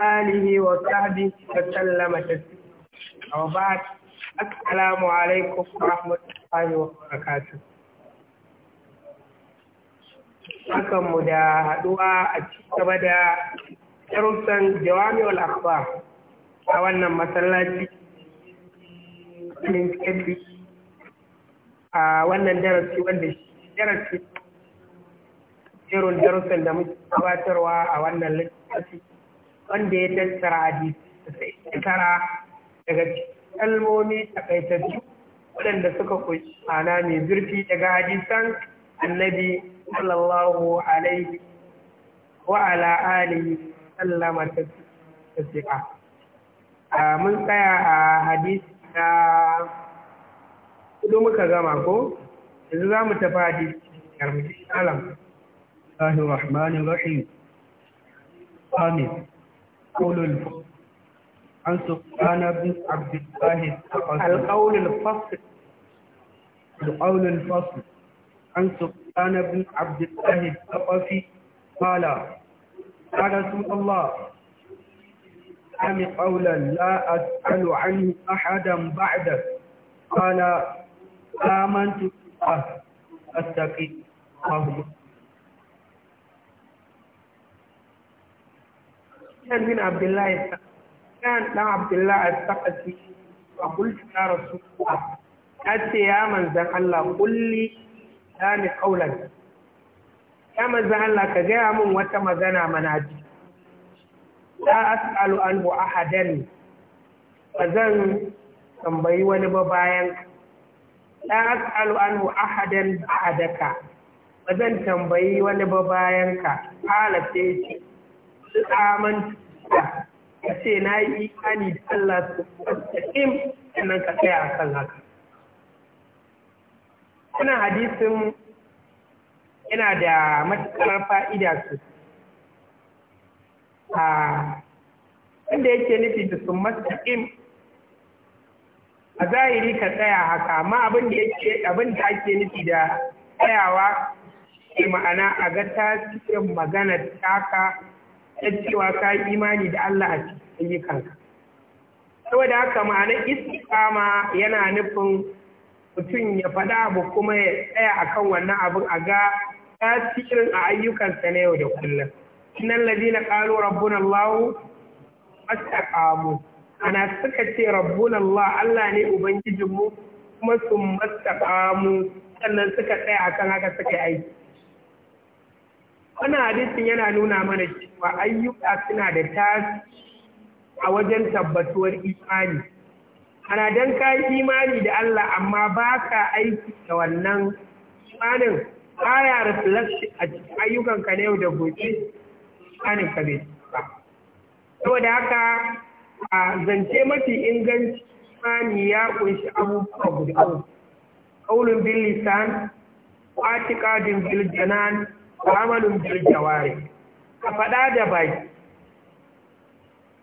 Alihi wa sahbi da sallama ta fi, abu ba a kalamu alaikun rahmatullahi wa barakatun. Akanmu da haɗuwa a cikaba da ƙarfisan jawami wa lafa a wannan matsalaci, a wannan darasi irin darussan da muke gabatarwa a wannan littafi wanda ya tattara hadisi tara daga cikin kalmomi takaitattu waɗanda suka kunshi ma'ana mai zurfi daga hadisan annabi sallallahu alaihi wa ala alihi sallama tasdiqa mun tsaya a hadisi na kudu muka gama ko yanzu za mu tafi hadisi na alam الله الرحمن الرحيم آمين قول الفصل عن سبحان بن عبد الله القول الفصل القول الفصل عن سبحان بن عبد الله الثقفي قال يا رسول الله سمع قولا لا أسأل عنه أحدا بعدك قال آمنت بالله استقيم الله كان من عبد الله الثقفي كان لا عبد الله الثقفي فقلت يا رسول الله أتي يا من ذا الله قل لي ثاني قولا يا من ذا الله كجاء من وتمزنا مناجي لا أسأل عنه أحدا فزن tambayi wani ba bayan la as'alu anhu ahadan ba'daka bazan tambayi wani ba bayan ka qala tsaman da ka ce na yi imani da Allah su tsakim sannan ka tsaya a kan haka. Wannan hadisin yana da matuƙar fa'ida su. A wanda yake nufi da su matakim a zahiri ka tsaya haka, amma abin da ake nufi da tsayawa ke ma'ana a ga tasirin magana taka ta cewa ka yi imani da Allah a cikin ayyukanka saboda haka ma'anar istiqama yana nufin mutum ya faɗa abu kuma ya tsaya akan wannan abin a ga tasirin a ayyukansa na yau da kullum na ladina qalu rabbuna Allah fastaqamu ana suka ce rabbuna Allah Allah ne ubangijinmu kuma sun mastaqamu sannan suka tsaya akan haka suka yi aiki wannan hadisin yana nuna mana cewa ayyuka suna da tasiri a wajen tabbatuwar imani ana dan ka imani da Allah amma ba ka aiki da wannan imanin baya reflection a cikin ayyukanka na yau da gobe imanin ka bai ba saboda haka a zance mafi inganci imani ya kunshi abubuwa guda uku qaulun bil lisan wa bil janan amalun bil jawari ka faɗa da baki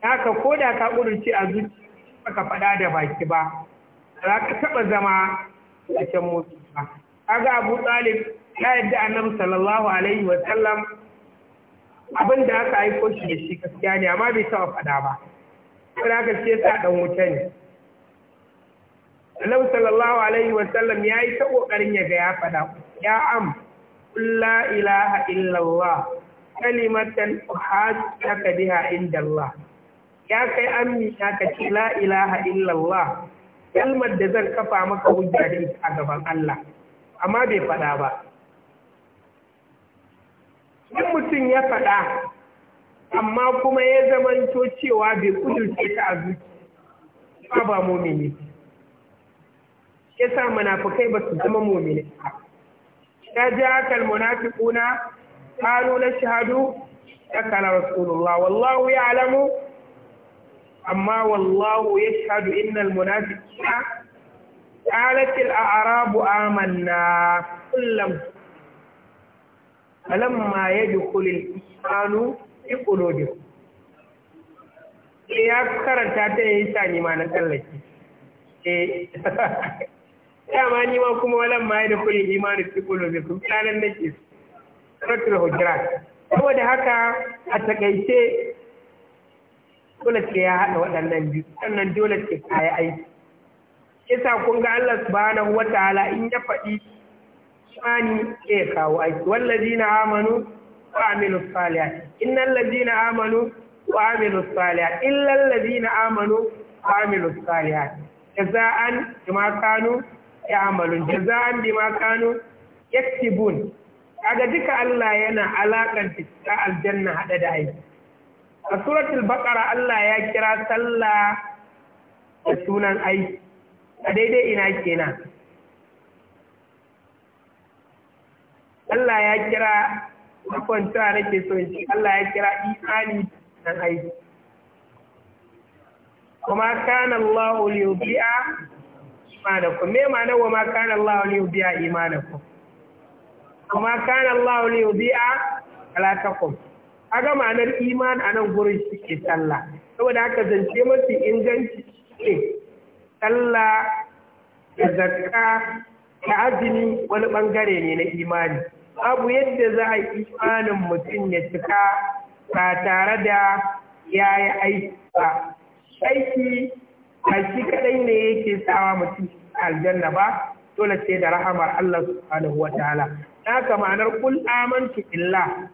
haka ko da ka ƙudurci a zuci ka faɗa da baki ba za ka taɓa zama a can mutu ba kaga abu talib ya yadda annabi sallallahu alaihi wa sallam abin da aka aiko shi da shi gaskiya ne amma bai taɓa faɗa ba kuma haka shi sa dan wuta ne annabi sallallahu alaihi wa sallam ya yi ta ƙoƙarin ya ga ya faɗa ya am la ilaha illallah kalimatan uhajjaka biha indallah ya kai ammi ka ce la ilaha illallah kalmar da zan kafa maka hujja da ita a gaban Allah amma bai faɗa ba in mutum ya faɗa amma kuma ya zamanto cewa bai kudurce ta a zuciya ba mumini yasa munafukai ba su zama mumini ba da ja'aka almunafiquna qalu na kana rasulullah wallahu ya'lamu amma wallahu yashhadu innal munafiqina قالت الأعراب آمنا كلهم فلما يدخل الإيمان في قلوبهم ya karanta ta yi sani ma na tsallake dama ni ma kuma walan ma da kulli imani fi qulubikum lanan nake suratul hujurat saboda haka a takaice dole ce ya hada waɗannan biyu sannan dole ce kai yi aiki kisa kun ga Allah subhanahu wataala in ya faɗi imani ke kawo aiki wallazina amanu wa amilus salihat innal ladina amanu wa amilus salihat illal ladina amanu wa amilus salihat jaza'an bima kanu ya'malun jaza'an bima kanu yaktibun kaga duka Allah yana alakanta ta aljanna hada da aiki a suratul baqara Allah ya kira sallah da sunan aiki a daidai ina kenan Allah ya kira kwan ta nake so in ce Allah ya kira imani dan aiki kuma kana Allah imanakum me ma'ana wa ma kana Allah li yudi'a imanakum kuma kana Allah li yudi'a alakakum aga ma'anar iman anan gurin shi ke sallah saboda haka zance mafi inganci ne sallah da zakka da azumi wani bangare ne na imani abu yadda za a imanin mutum ya cika ba tare da ya yi aiki ba aiki ba shi kadai ne yake sawa mutum aljanna ba dole sai da rahamar Allah subhanahu wataala Na ma'anar kul amantu billah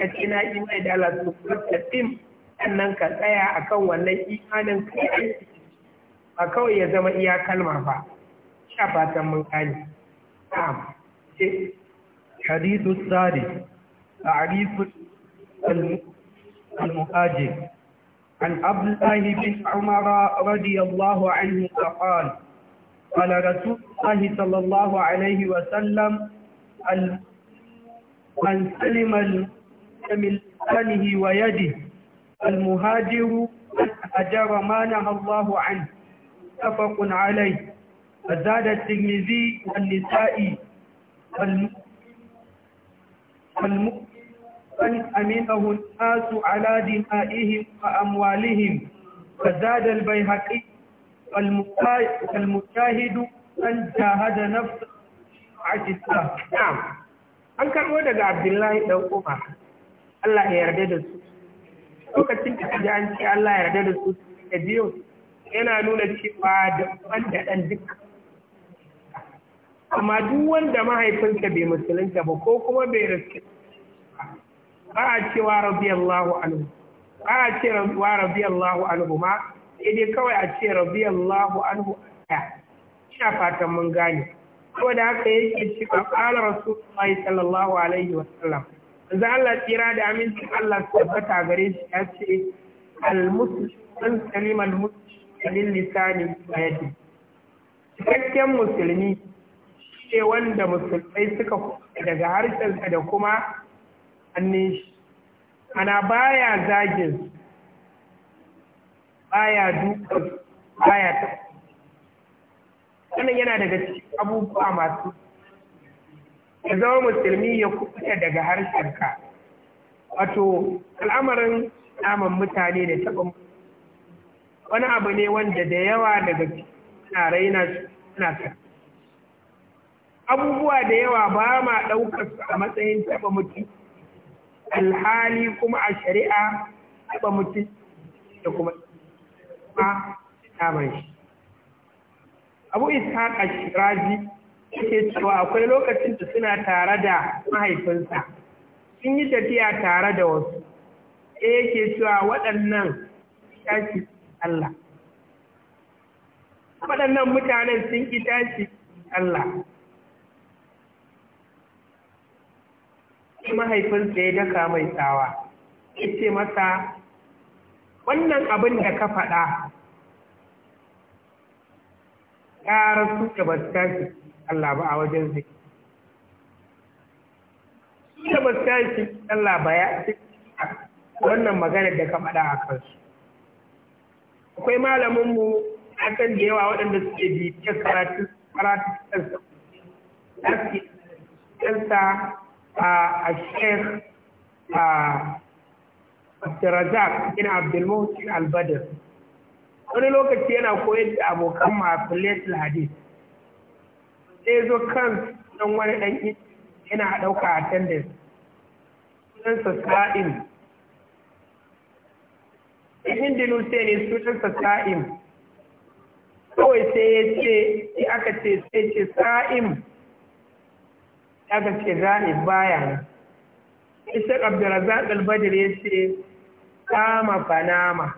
ka ce na imani da Allah subhanahu wataala sannan ka tsaya akan wannan imanin kai ba kawai ya zama iya kalma ba sha fatan mun kani na'am ce hadithu sadi ta'rifu al-muhajir عن عبد الله بن عمر رضي الله عنه قال قال رسول الله صلى الله عليه وسلم من سلم من لسانه ويده المهاجر من هجر ما نهى الله عنه متفق عليه فزاد الترمذي والنسائي والمؤمن بل أمنه الناس على دمائهم وأموالهم فزاد البيهقي والمشاهد أن جاهد نفسه عجزه نعم an karɓo daga عبد الله لو Allah الله yarda da su lokacin da kaji an ce Allah ya yarda da su da biyu yana nuna cewa da wanda da ɗan duk amma duk wanda mahaifinsa bai musulunta ba ko kuma bai rasu ba a cewa radiyallahu anhu ba a ce wa radiyallahu anhu ma sai dai kawai a ce radiyallahu anhu ɗaya ina fatan mun gane saboda haka yake cewa qala rasulullahi sallallahu alaihi wa sallam manzo Allah tsira da aminci Allah tabbata gare shi ya ce al muslim salima al muslim lil lisani wa yadi cikakken musulmi shi ne wanda musulmai suka daga harshensa da kuma hannun shi ana baya zagin baya dukkan baya ta wannan yana daga cikin abubuwa masu ya zama musulmi ya kuɓuta daga harshenka wato al'amarin naman mutane da taɓa wani abu ne wanda da yawa daga yana raina suna ta abubuwa da yawa ba ma ɗaukar su a matsayin taɓa mutum alhali kuma a shari'a taɓa mutum da kuma ba naman shi abu ishaq ashirazi yake cewa akwai lokacin da suna tare da mahaifinsa sun yi tafiya tare da wasu sai yake cewa waɗannan tashi Allah waɗannan mutanen sun ƙi tashi Allah mahaifinsa ya daka mai tsawa ce masa wannan abin da ka faɗa Ya rasu da ba Allah ba a wajen zai su da ba Allah ba ya wannan maganar da ka faɗa a kansu akwai malaminmu a kan da yawa waɗanda suke bibiyar karatu karatun kansa a sheikh a abdurazak bin abdulmuhsin albadar wani lokaci yana koyar da abokan mafilatul hadis sai zo kan dan wani dan yana ɗauka a tandis sunansa sa'im ibn dinuse ne sunansa sa'im kawai sai ya ce sai aka ce sai ce sa'im aka ce zahid baya isa abdulrazak al-badr ya ce kama fanama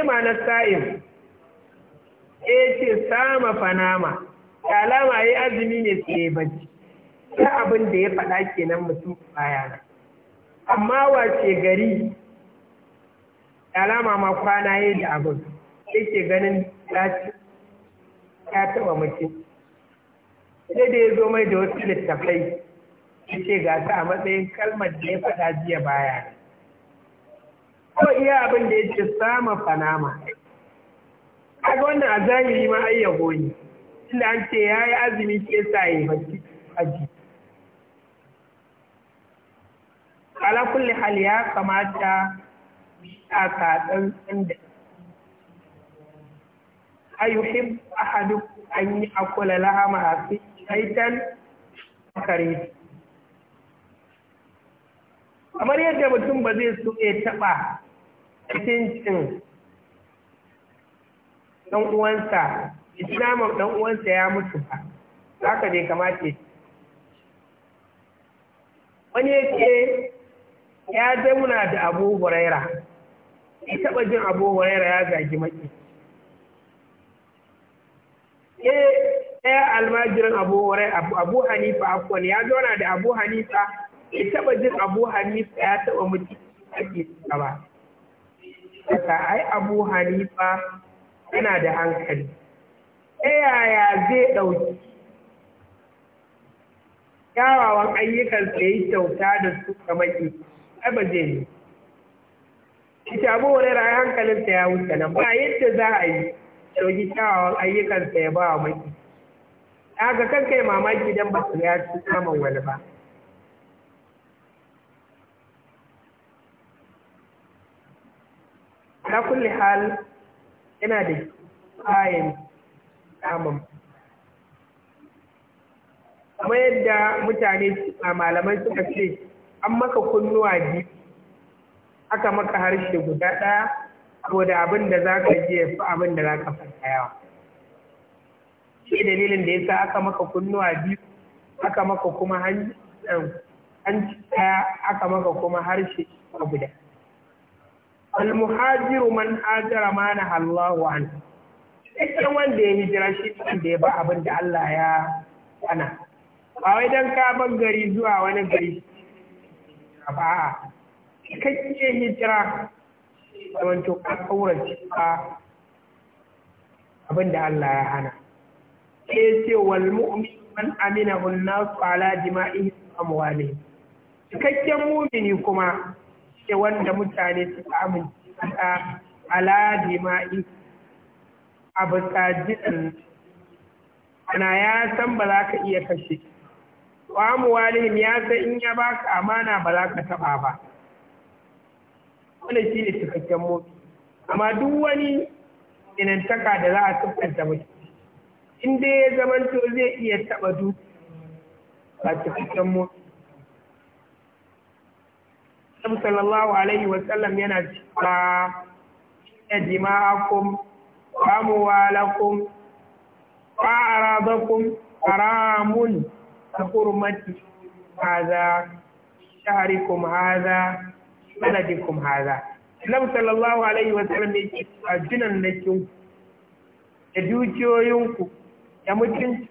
ima na sa'in ya ce sama fanama alama ya azumi ne su ya bacci ta abin da ya faɗa kenan mutum baya amma wace gari alama ma kwana ya da abin yake ganin dace ya taɓa mutum sai da ya zo mai da wasu littafai ya ce ga ta a matsayin kalmar da ya faɗa jiya baya ko iya abin da ya ce sama fanama kaga wannan a zahiri ma yabo ne inda an ce ya yi azumi ke sa ya yi haji ala kulli hal ya kamata a ka tsantsan da a hadu an yi akula lahama a fi haitan kare kamar yadda mutum ba zai so ya taɓa cikin ɗan uwansa islamin ɗan uwansa ya mutu ba haka dai kamata wani yake ya zauna da abu huraira ya taɓa jin abu huraira ya zagi maki ɗaya almajirin abu hurai abu hanifa afwan ya zauna da abu hanifa ya taɓa jin abu hanifa ya taɓa mutu ake suka ba ta, ai abu hanifa yana da hankali ta yaya zai ɗauki kyawawan ayyukan da yi kyauta da su ga maki ai ba zai yi ita abu hurairah hankalinsa ya wuce nan ba yadda za a yi ɗauki kyawawan ayyukansa ya ba wa maki kaga kan kai mamaki dan ba su ya ci naman wani ba Na kulli hal yana da kayan naman kuma yadda mutane a malamai suka ce an maka kunnuwa biyu aka maka harshe guda ɗaya ko da abin da za ka je abin da za ka fata yawa shi dalilin da ya sa aka maka kunnuwa biyu aka maka kuma hanci eh, ɗaya aka maka kuma harshe guda almuhajiru man hajara ma na Allahu an cikin wanda ya hijira shi da ya ba abin da Allah ya ana ba wai dan ka ban gari zuwa wani gari ba cikakke hijira zamanto ka kaurace abin da Allah ya hana sai ce wal mu'min man amina nasu ala jima'ihi amwali cikakken mumini kuma ce wanda mutane suka amince da ala jima'i a bisa ana ya san ba za ka iya kashe wa amwalihim ya san in ya baka amana ba za ka taɓa ba wannan shi ne cikakken mumini amma duk wani inantaka da za a siffanta mutum Inda ya zamanto zai iya taɓa duk ba cikakken mu sallallahu alaihi wasallam yana cewa inna dima'akum wa amwalakum wa aradakum haramun ka hurmati hadha shahrikum hadha baladikum haza. Annabi sallallahu alaihi wasallam ce a junan nakin da dukiyoyinku ya mutum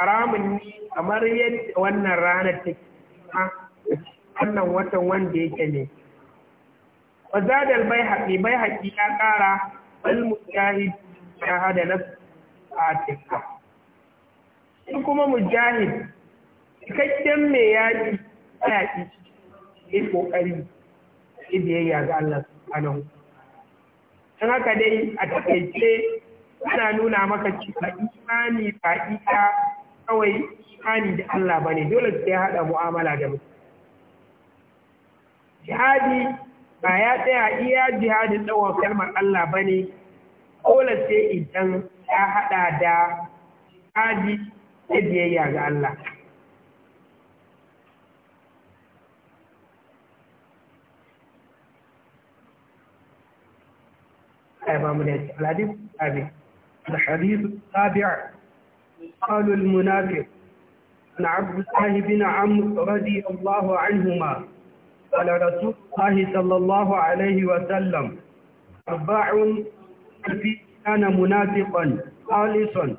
haramun ne kamar yadda wannan ranar ta take wannan watan wanda yake ne wazadar bai haƙi bai haƙi ya ƙara wal mujahid ya hada na fatika shi kuma mujahid cikakken me yaƙi yaƙi ya ƙoƙari ya biyayya ga Allah subhanahu don haka dai a taƙaice ana nuna maka cewa imani ba kawai imani da Allah bane dole sai ya hada mu'amala da mutum jihadi ba ya tsaya iya jihadin ɗaukar kalmar Allah bane dole sai idan ya haɗa da jihadi da biyayya ga Allah ai ba mu da abin الحديث السابع قال المنافق عن عبد الله بن عمرو رضي الله عنهما قال رسول الله صلى الله عليه وسلم أربع في كان منافقا خالصا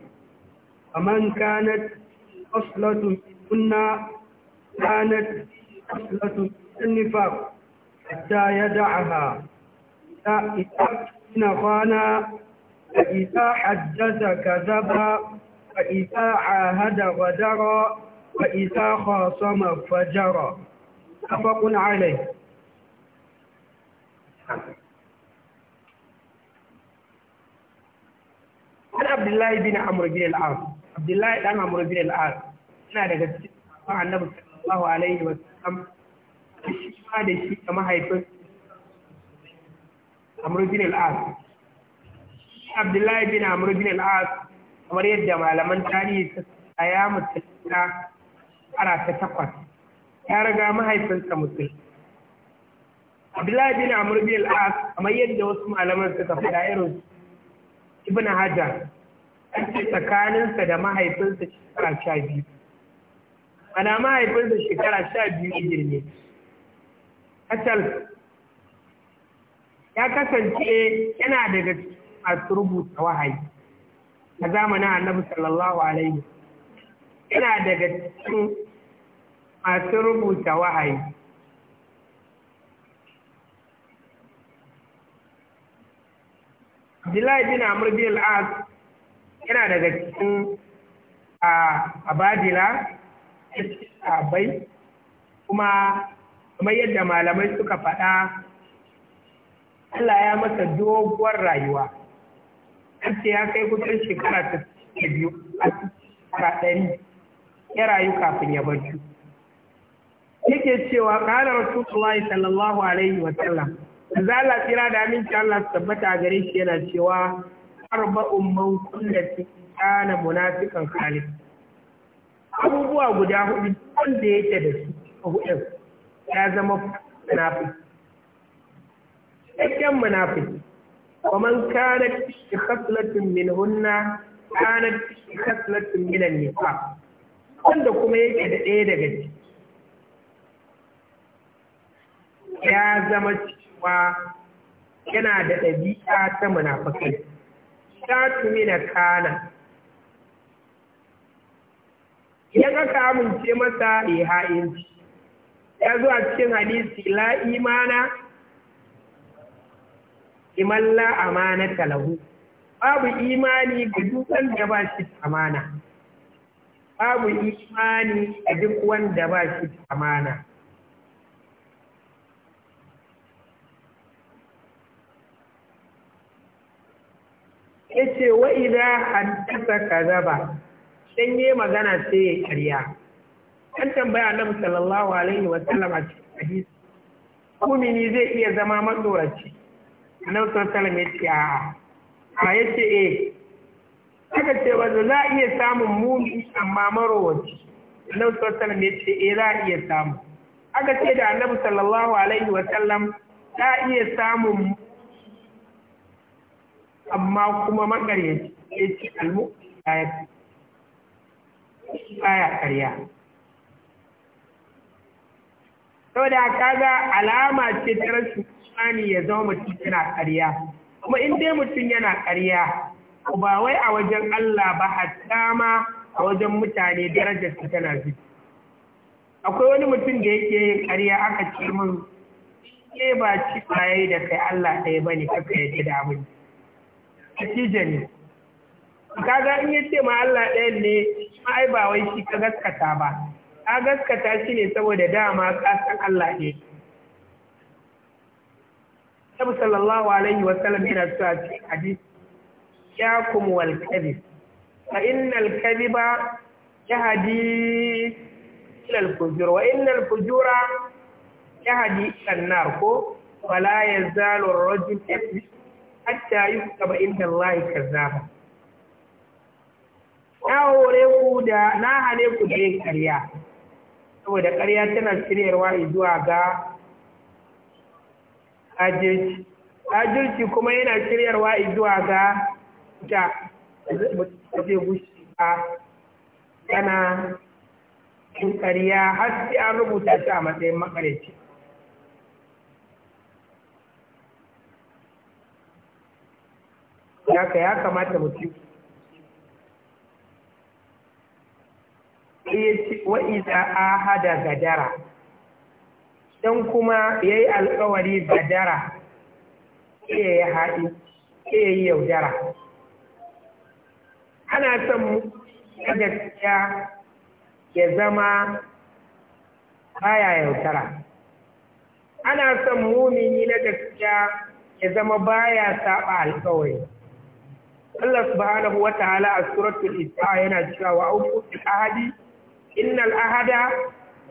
فمن كانت أصلة منهن كانت أصلة النفاق حتى يدعها إذا كان خانا فإذا حدث كذب فإذا عاهد غدر فإذا خاصم فجر متفق عليه Har Abdullahi bin Amr bin Abdullahi dan Amr bin al daga cikin annabi sallallahu alaihi wa sallam shi ma da shi da mahaifin Amr bin abdullahi bin amr bin al-as kamar yadda malaman tarihi ta tsaya mutunta ara ta takwas ya riga mahaifinsa mutum abdullahi bin amr bin al-as kamar yadda wasu malaman suka faɗa irin ibn hajar an ce tsakaninsa da mahaifinsa shekara sha biyu ana mahaifinsa shekara sha biyu girme Hassal ya kasance yana daga cikin masu rubuta wahayi a zamanin annabi sallallahu alaihi ina daga cikin masu rubuta wahayi Abdullahi bin Amr bin al-As yana daga cikin a abadila abai kuma kamar yadda malamai suka faɗa Allah ya masa doguwar rayuwa an ce ya kai kusan shekara ta biyu a shekara ɗari ya rayu kafin ya bar yake cewa ƙara rasulullahi sallallahu alaihi wa sallam a tsira da aminci Allah su tabbata gare shi yana cewa arba'un man kunna fi kana munafiqan khalid abubuwa guda hudu wanda yake da su a hudun ya zama munafiki cikakken munafiki ومن كانت خصلة منهن كانت خصلة من النفاق wanda kuma yake da daga ciki ya zama cewa yana da ɗabi'a ta munafakai Ya tumina kana idan aka amince masa ya ha'inci ya zo a cikin hadisi la imana imalla la amanata lahu babu imani ga duk wanda ba shi amana babu imani ga duk wanda ba shi amana yace wa idza haddasa kadaba dan yi magana sai ya karya an tambaya annabi sallallahu alaihi wa sallam a cikin hadisi mini zai iya zama matsoraci annabi sallallahu ya ce a a ya ce eh aka ce wanda za a iya samun muni amma marowaci annabi sallallahu alaihi ya ce eh za a iya samu aka ce da annabi sallallahu alaihi wa sallam za a iya samun amma kuma makar ya ce ce almu baya karya saboda kaga alama ce ta rashin imani ya zama mutum yana ƙarya kuma in dai mutum yana ƙarya ba wai a wajen Allah ba hatta ma a wajen mutane darajar su tana zuci akwai wani mutum da yake yin ƙarya aka ce min ke ba ci tsaye da kai Allah ɗaya bane kaka yake da abin natija ne kaga in ya ce ma Allah ɗaya ne ma ai ba wai shi ka gaskata ba ka gaskata shi ne saboda dama ka san Allah ɗaya Sabu sallallahu alaihi wa sallam yana cewa cikin hadisi ya kum Wa kadhib fa innal ba ya ila ilal fujur wa innal fujura yahdi ila an nar ko wala yazalu ar-rajul yakzib hatta yuktaba inda Allah kazzaba na hore ku da na hane ku da yin ƙarya saboda ƙarya tana shiryarwa zuwa ga ajirci ajirci kuma yana shiryarwa zuwa ga ja zai gushi a tana cin har sai an rubuta shi a matsayin makareci haka ya kamata mutum wa'iza a hada gadara don kuma ya yi alkawari gadara sai ya haɗi ke ya yi yaudara ana son na gaskiya ya zama baya yaudara ana son mumini na gaskiya ya zama baya saba alkawari Allah subhanahu wa ta'ala a suratul isra yana cewa wa aufu bil ahadi innal ahada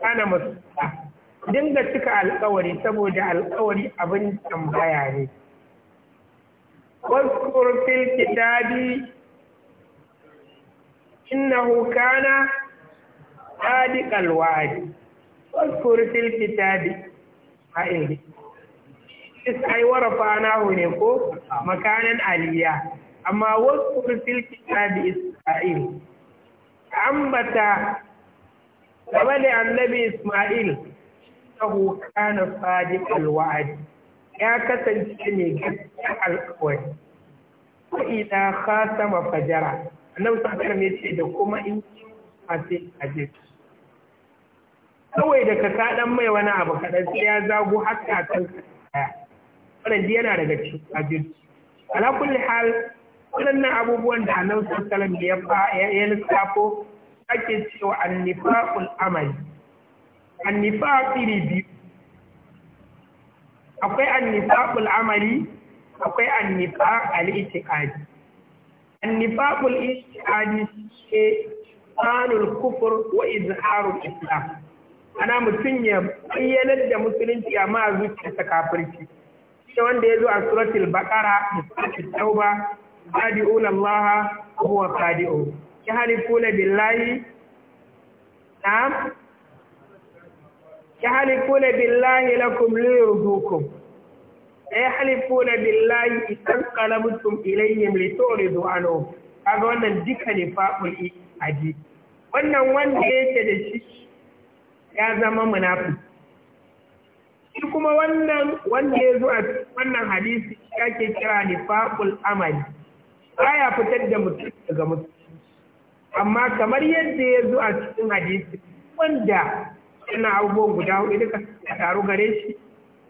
kana masu'a dinga cika alkawari saboda alkawari abin tambaya ne واذكر في kana إنه كان waskur fil kitabi a ilmi is ai warafa na ne ko makanan aliyya amma wasu fil kitabi isra'il ambata game da annabi isma'il innahu kana sadiqal wa'd ya kasance ne gaskiya alƙawari wa idza khatama fajara annabi sallallahu alaihi wasallam da kuma in a a aje kawai daga ka dan mai wani abu kaɗan, sai ya zago haka kan kaya wannan yana daga cikin ajirci ala kulli hal waɗannan abubuwan da annabi sallallahu alaihi wasallam ya ya lissafo ake cewa annifaqul amali annifaq iri biyu akwai annifaqul amali akwai annifaq al-i'tiqadi annifaqul ke qalul kufur wa izharul islam ana mutum ya bayyanar da musulunci amma ta kafirci shi wanda ya zo a suratul tauba da suratul tauba qadi'un allaha ya halifu na billahi na. yahlifuna billahi lakum liyurdukum yahlifuna billahi idan qalabtum ilayhim lituridu anhu kaga wannan duka ne fa'ul aji wannan wanda yake da shi ya zama munafiki shi kuma wannan wanda ya zo a wannan hadisi ake kira nifaqul amali aya fitar da mutum daga mutum amma kamar yadda ya zo a cikin hadisi wanda yana abubuwan guda hudu duka a taru gare shi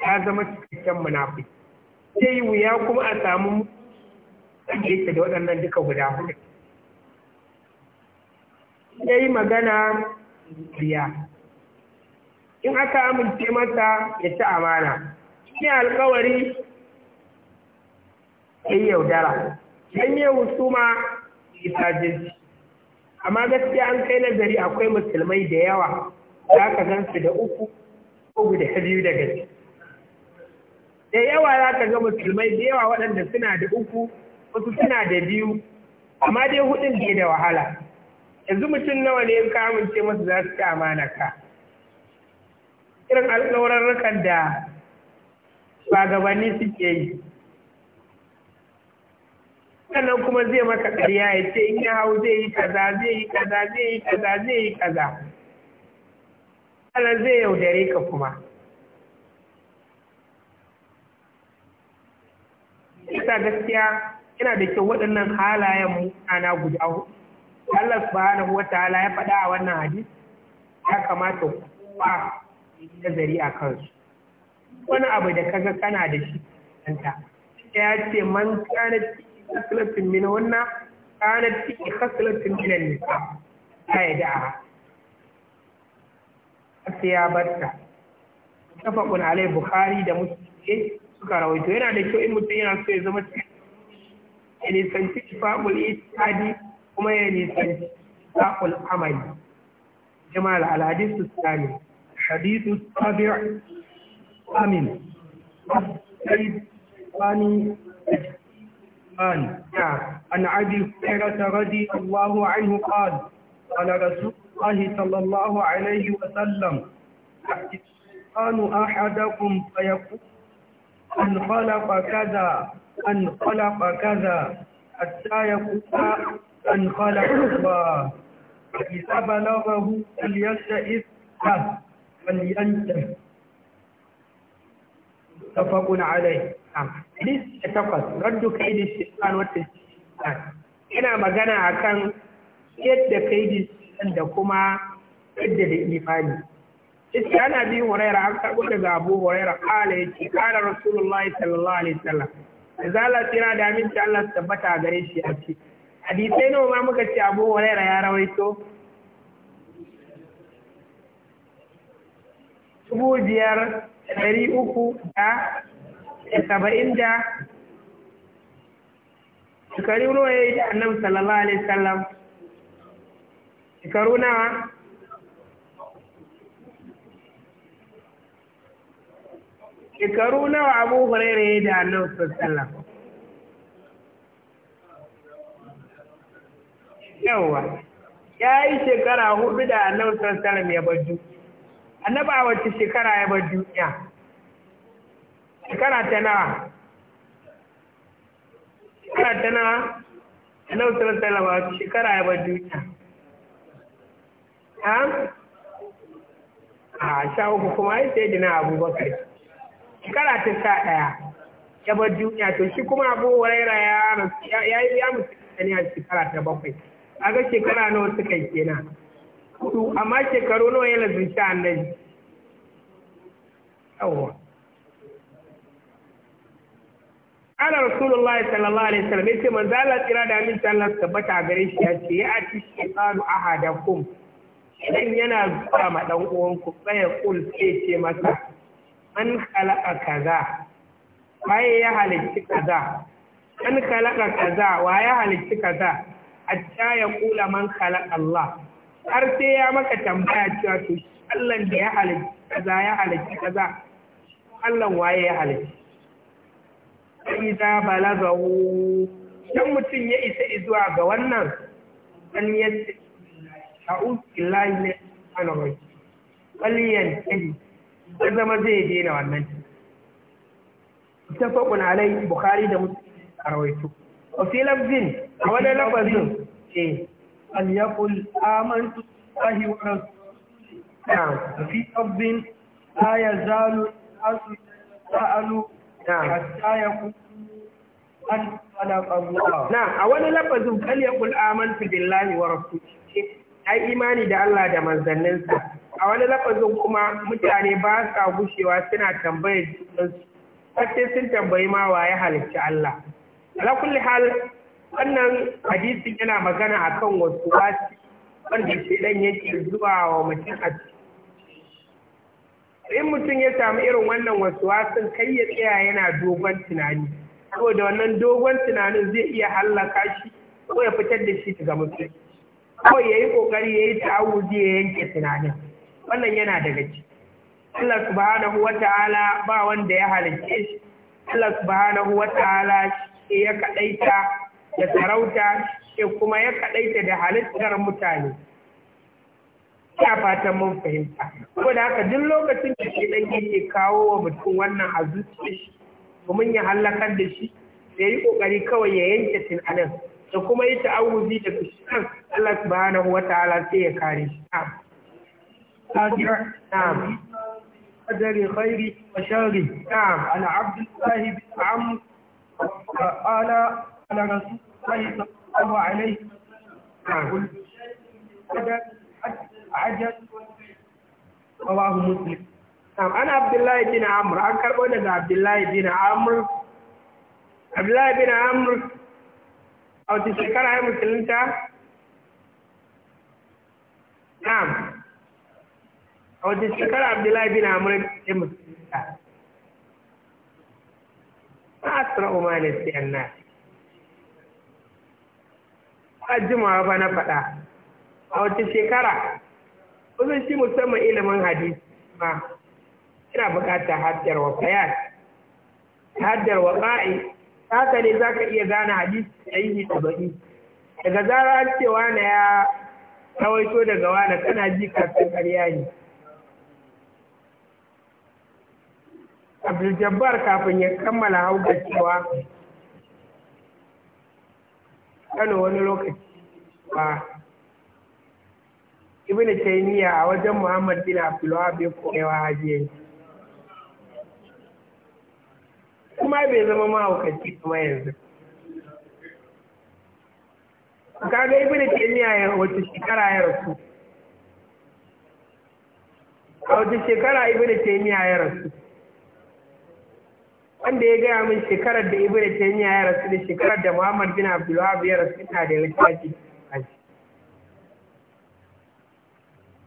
ya zama cikakken munafi sai wuya kuma a samu wanda yake da waɗannan duka guda hudu sai magana biya in aka amince masa ya ci amana shi alkawari sai yaudara don yi husuma isa jinsi amma gaskiya an kai nazari akwai musulmai da yawa za ka gan su da uku ko guda biyu daga ciki da yawa za ka ga musulmai da yawa waɗanda suna da uku wasu suna da biyu amma dai hudun ke da wahala yanzu mutum nawa ne ka amince masu za su ci amana ka irin rukan da shugabanni suke yi sannan kuma zai maka ƙarya ya ce in ya hau zai yi kaza zai yi kaza zai yi kaza zai yi kaza Allah zai yaudare ka kuma Ita gaskiya yana da kyau waɗannan halayen ana guda hudu Allah subhanahu wa ta'ala ya faɗa a wannan hadisi ya kamata yi nazari a kansu wani abu da kaga kana da shi kanta ya ce man kana ciki khaslatin min wannan kana ciki khaslatin min nisa ta da'a. sai ya barta alai bukhari da muslim suka rawaito yana da kyau in mutum yana so ya zama ya nisanci tafaqul istihadi kuma ya nisanci tafaqul amali jamal al-hadith tsani hadithu tabi' amin sai tsani قال عن أبي هريرة رضي الله عنه قال قال رسول الله صلى الله عليه وسلم أن أحدكم فيقول أن خلق كذا أن خلق كذا حتى يقول أن خلق الله فإذا بلغه فليستئذ له فلينتهي متفق عليه نعم حديث takwas raddu kai da shi wata ina magana akan yadda kai da da kuma yadda da imani Iska ana bi huraira an karɓo daga abu huraira kala yace kala rasulullahi sallallahu alaihi wasallam da Allah tsira da aminci Allah su tabbata gare shi a ce hadisai nawa ma muka ce abu huraira ya rawaito dubu biyar ɗari uku da saba'in da shekaru nawa ya yi da annabi sallallahu alaihi sallam. shekaru nawa shekaru nawa abu hurere ya da annabi sallallahu yawa ya yi shekara hudu da annabi sallallahu ya bar duniya annabi wacce shekara ya bar duniya shekara ta nawa shekara ta nawa annabi sallallahu alaihi shekara ya bar duniya a sha uku kuma ai sai dina abubakar shekara ta sha ɗaya ya bar duniya to shi kuma abu waraira ya yi ya mutu ne a shekara ta bakwai a ga shekara nawa suka yi kenan hudu amma shekaru nawa ya sha annabi yawwa ala rasulullahi sallallahu alaihi wasallam ya manzo Allah tsira da aminci Allah tabbata gare shi ya ce ya ati shaytanu ahadakum idan yana zuwa ma ɗan uwanku tsaye kul sai ce masa an halaka kaza waye ya halicci kaza an halaka kaza wa ya halicci kaza hatta ya kula man khalaqa Allah har sai ya maka tambaya cewa to Allah da ya halicci kaza ya halicci kaza Allah waye ya halicci idza balagahu dan mutum ya isa zuwa ga wannan an yadda a'udhu billahi min ana wai qaliyan tahi sai zama zai daina wannan Ta fakun alai bukhari da muslim arwaitu wa fi lafzin a wani lafazin eh an yaqul amantu billahi wa rasulihi fi lafzin la yazalu asu sa'alu hatta yaqul an qala Allah na a wani lafazin kal yaqul amantu billahi wa rasulihi ai imani da Allah da manzanninsa a wani lafazin kuma mutane ba sa gushewa suna tambayar jikinsu. sai sun tambayi ma waye halicci Allah ala kulli hal wannan hadisi yana magana akan wasu wasi wanda dan yake zuwa wa mutum a in mutum ya samu irin wannan wasu wasin kai ya tsaya yana dogon tunani saboda wannan dogon tunanin zai iya hallaka shi ko ya fitar da shi daga mutum kawai ya yi ƙoƙari ya yi ta'awuzi ya yanke tunanin wannan yana daga ci Allah subhanahu wa ta'ala ba wanda ya halarce shi Allah subhanahu wa ta'ala shi ya kaɗaita da sarauta shi kuma ya kaɗaita da halittar mutane ya fatan mun fahimta ko da haka duk lokacin da shi ɗan yake kawo wa mutum wannan a zuciya shi domin ya hallakar da shi ya yi ƙoƙari kawai ya yanke tunanin da kuma yi ta'awuzi da fiskan Allah subhanahu wa ta'ala sai ya kare shi na'am قدر خير وشر نعم انا عبد الله بن عمرو قال على رسول الله صلى الله عليه وسلم عجل رواه مسلم نعم انا عبد الله بن عمرو عن عبد الله بن عمرو عبد الله بن عمرو a shekara ya musulunta? na'am a shekara abdullahi bin amurin ya musulunta ba a tsara umarni sai an na a jimawa ba na faɗa a wata shekara kusan shi musamman ilimin hadisi ma ina bukata haddar wa bayan haddar wa ƙa'i haka ne za ka iya gane hadisi sahihi da ba'i daga zara cewa na ya tawaito daga wani kana ji kafin karya ne abdul-jabbar kafin ya kammala hauka cewa kano wani lokaci ba ibn taimiyya a wajen muhammad bin abdul wahab ya koyawa hajiyar kuma bai zama mahaukaci kuma yanzu kaga da kemiya ya wata shekara ya rasu a wata shekara da kemiya ya rasu wanda ya gaya min shekarar da da kemiya ya rasu da shekarar da muhammad bin abdul ya rasu ina da littafi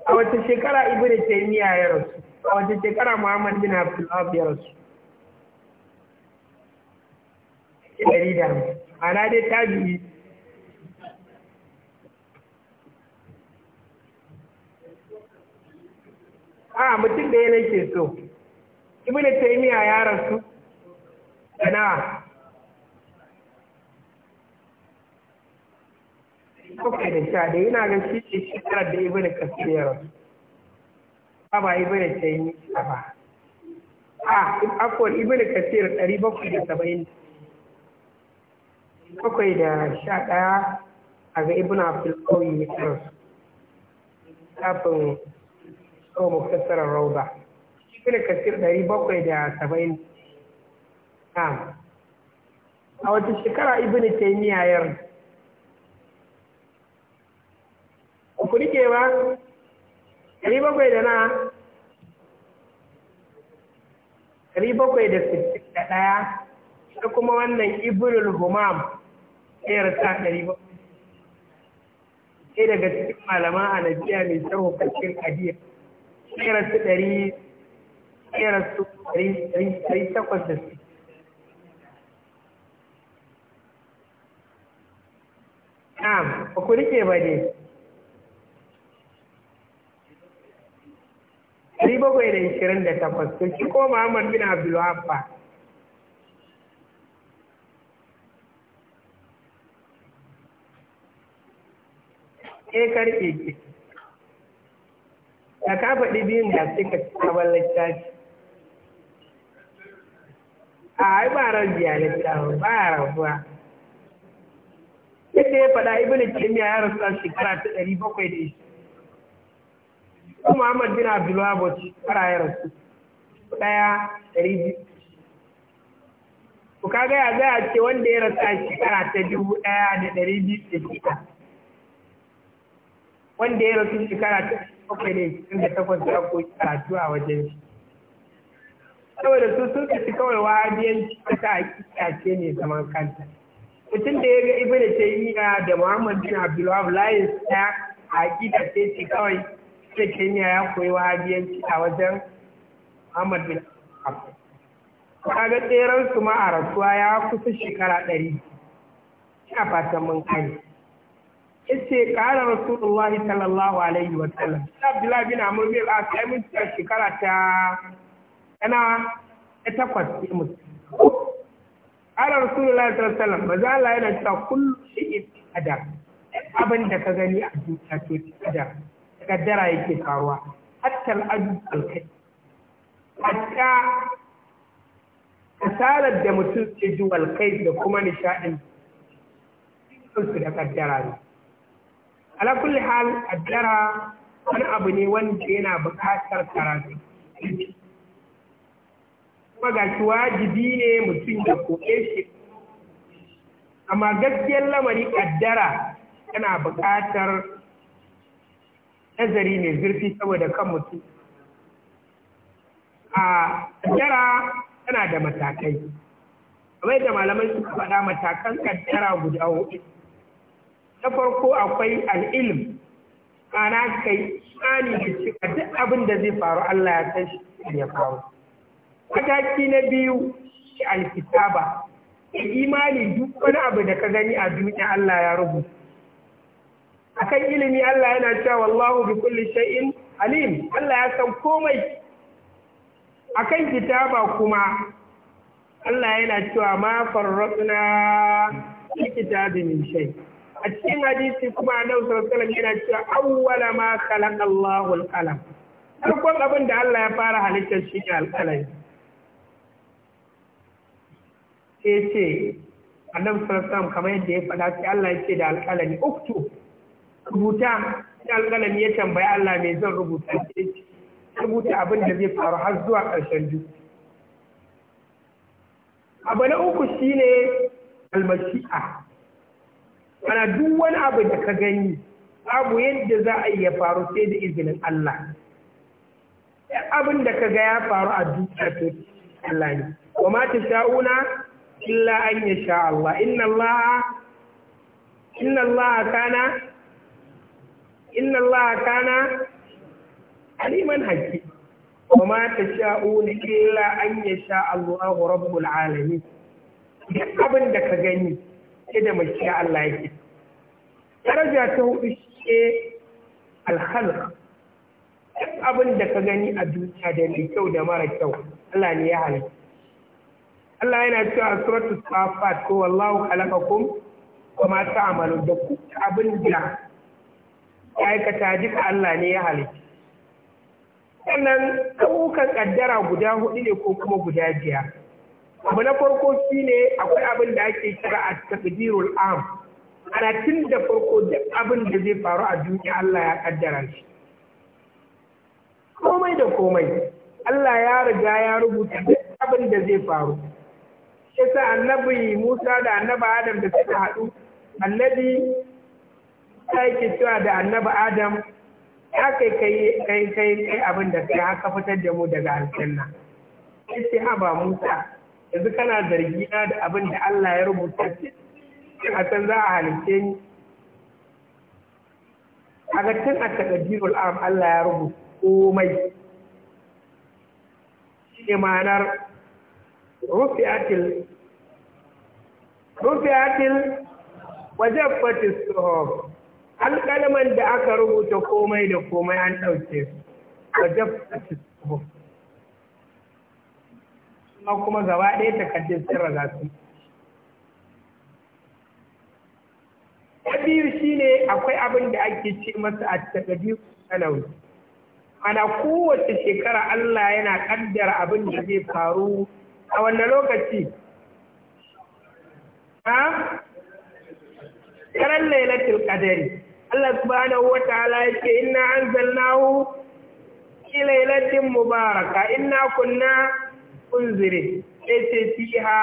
a wata shekara da kemiya ya rasu a wata shekara muhammad bin abdul ya rasu ɗari da hamsin ana dai a mutum da yanayi ke so ibn taymiya ya rasu da nawa da sha da yana ga shi ce shekarar da ibn kasir ya ba ba ibn taymiya ba a akwai ibn ɗari bakwai da saba'in bakwai da sha ɗaya a ga ibina abdulkawi misir tafin kawo muktasarar rauba ibn kasir ɗari bakwai da saba'in a a wata shekara ta yi niyayar ku rike ba ɗari bakwai da na ɗari bakwai da sittin da ɗaya da kuma wannan ibn humam tsayar sa ɗari ba sai daga cikin a hanabiya mai sharhu kashin hadiyar tsayar su ɗari tsayar su ɗari takwas da su Na'am, ba ku rike ba ne. Ɗari bakwai da ishirin da takwas, to shi ko Muhammad bin Abdulwahab ba. sai eh, karfe ke da ka faɗi biyun da suka ci sabon littafi a ai ba rabiya littafi ba a rabuwa yadda ya faɗa ibn kimiyya ya rasu a shekara ta ɗari bakwai da ishi ko muhammad bin abdullahi bauchi fara ya rasu ɗaya ɗari biyu ku kaga ya za a ce wanda ya rasu a shekara ta dubu ɗaya da ɗari biyu da shida wanda ya rasu shekara ta bakwai ne cikin da takwas da ko karatu a wajen shi saboda su sun tafi kawai wahabiyanci wata hakika ce ne zaman kanta mutum da ya ga da yi taymiya da muhammad bin abdulwahab layin ta hakika ce shi kawai ta kenya ya koyi wahabiyanci a wajen muhammad bin abdulwahab kaga tseren su ma a rasuwa ya kusa shekara ɗari ina fatan mun kai. yace qala rasulullahi sallallahu alaihi wa sallam abdullahi bin amr bin a as mun ta shekara ta ana ta takwas sai mu qala rasulullahi sallallahu alaihi wa sallam maza Allah yana cewa kullu shay'in ada abin da ka gani a duniya to ada kaddara yake faruwa hatta al'adu alkai kai hatta kasalar da mutum ke ji kai da kuma nishaɗin su da kaddara ne ala kulli hal addara wani abu ne wanda yana bukatar karatu kuma ga shi wajibi ne mutum ya koke shi amma gaskiyar lamari addara yana buƙatar nazari mai zurfi saboda kan mutum a kaddara tana da matakai kamar da malamai suka faɗa matakan kaddara guda hudu ta farko akwai al'ilm kana kai tsani da a duk abin da zai faru Allah ya san shi ya faru mataki na biyu shi alkitaba imani duk wani abu da ka gani a duniya Allah ya rubuta kan ilimi Allah yana cewa wallahu bi kulli shay'in alim Allah ya san komai A akan kitaba kuma Allah yana cewa ma farratna fi kitabi min shay'in a cikin hadisi kuma a sallallahu alaihi yana cewa awwala ma khalaqa Allahu al-qalam abin da Allah ya fara halittar shi ne al-qalam ce a sallallahu kamar yadda ya faɗa sai Allah ya ce da al uktu rubuta sai al ya tambayi Allah me zan rubuta ce rubuta abin da zai faru har zuwa ƙarshen duk abu na uku shine al-mashi'a ana duk wani abu da ka gani abu yadda za a iya faru sai da izinin Allah abin da ka ga ya faru a duniya to Allah ne wa ma sha'una illa an sha Allah inna Allah inna Allah kana inna Allah kana aliman hakim wa ma tasha'una illa an sha Allah rabbul alamin abin da ka gani ce da makiya Allah yake daraja ta hudu ce alhalq duk abin da ka gani a duniya da mai kyau da mara kyau Allah ne ya halitta Allah yana cewa a suratu safat ko wallahu khalaqakum wa ma ta'malu da ku abin da aikata duka Allah ne ya halitta sannan ɗaukan ƙaddara guda hudu ne ko kuma guda biyar abu na farko shine akwai abin da ake kira a takdirul am ana tun da farko da abin da zai faru a duniya Allah ya kaddara shi komai da komai Allah ya riga ya rubuta duk abin da zai faru yasa annabi Musa da annabi Adam da suka haɗu annabi ta yake cewa da annabi Adam ya kai kai kai kai abin da kai haka fitar da mu daga alkinna yace haba Musa yanzu kana zargi na da abin da Allah ya rubuta ce cin a can za a halitte ni a ga cin a takadirul am Allah ya rubuta komai shi ne ma'anar rufiyatil rufiyatil wajabbatis suhuf alƙalman da aka rubuta komai da komai an ɗauke su wajabbatis an kuma gaba ɗaya takardun sirra za su na biyu shine akwai abin da ake ce masa a taɗabi sanawi ana kowace shekara Allah yana ƙaddara abin da zai faru a wannan lokaci ha karan lailatul qadari Allah subhanahu wataala yake inna anzalnahu fi lailatin mubaraka inna kunna unzirin sai ce fiha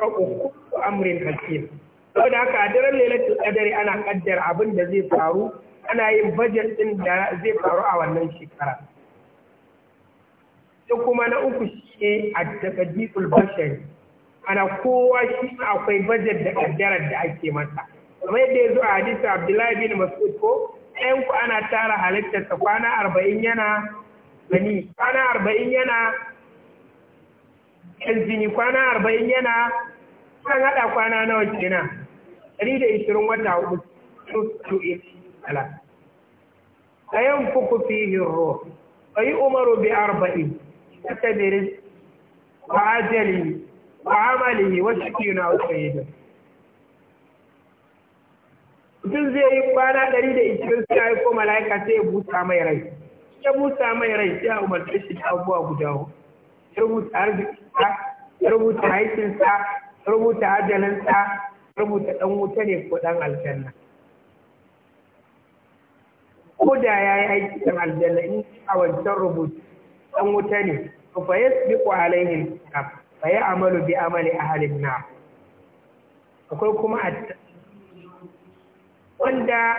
uku amrin hakim da haka a daren lailatul qadari ana kaddara abin da zai faru ana yin budget din da zai faru a wannan shekara sai kuma na uku shi shine at-taqdirul bashari ana kowa shi akwai budget da kaddarar da ake masa kamar yadda ya zo a hadisi Abdullahi bin Mas'ud ko ɗayan ku ana tara halittarsa kwana arba'in yana gani kwana arba'in yana jini kwana arba'in yana kan haɗa kwana nawa kenan ɗari da wata hudu to ala a yan kuku fihin ruwa a yi umaru bi arba'in ta tabirin wa ajali wa amali wasu kina wasu yi mutum zai yi kwana ɗari da sai ya ko mala'ika sai ya busa mai rai ya busa mai rai sai a umarci shi da abubuwa guda hudu ya rubuta arzikinsa ya rubuta haikinsa ya rubuta ajalinsa ya rubuta ɗan wuta ne ko ɗan aljanna ko da ya yi aiki ɗan aljanna in a wancan rubutu ɗan wuta ne to fa yasbiqu alaihin kitab fa amalu bi amali ahli halin na. akwai kuma a wanda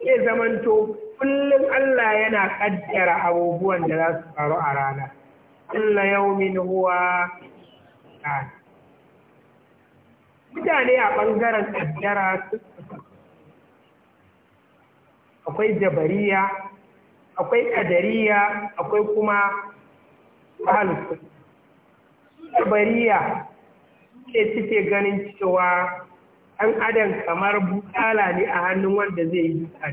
ya zamanto kullum Allah yana kaddara abubuwan da za su faru a rana kulla yaumin huwa mutane a ɓangaren ƙaddara akwai jabariya akwai ƙadariya akwai kuma halittu jabariya ke cike ganin cewa 'yan adam kamar bukala ne a hannun wanda zai yi buka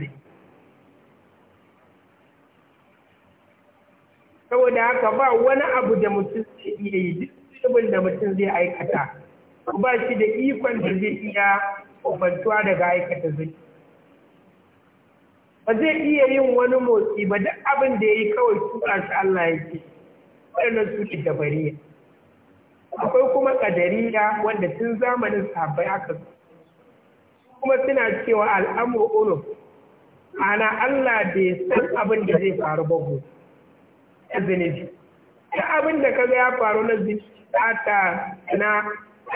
saboda haka ba wani abu da mutum zai iya yi duk da mutum zai aikata ba shi da ikon da zai iya kwafantuwa daga aikata zai ba zai iya yin wani motsi ba duk abin da ya yi kawai tura shi Allah ya ce waɗannan su ne dabariya akwai kuma ƙadariya wanda tun zamanin sabai aka kuma suna cewa al'amur ana Allah bai san abin da zai faru ba na zunubi ta abin da kaga ya faru na zata na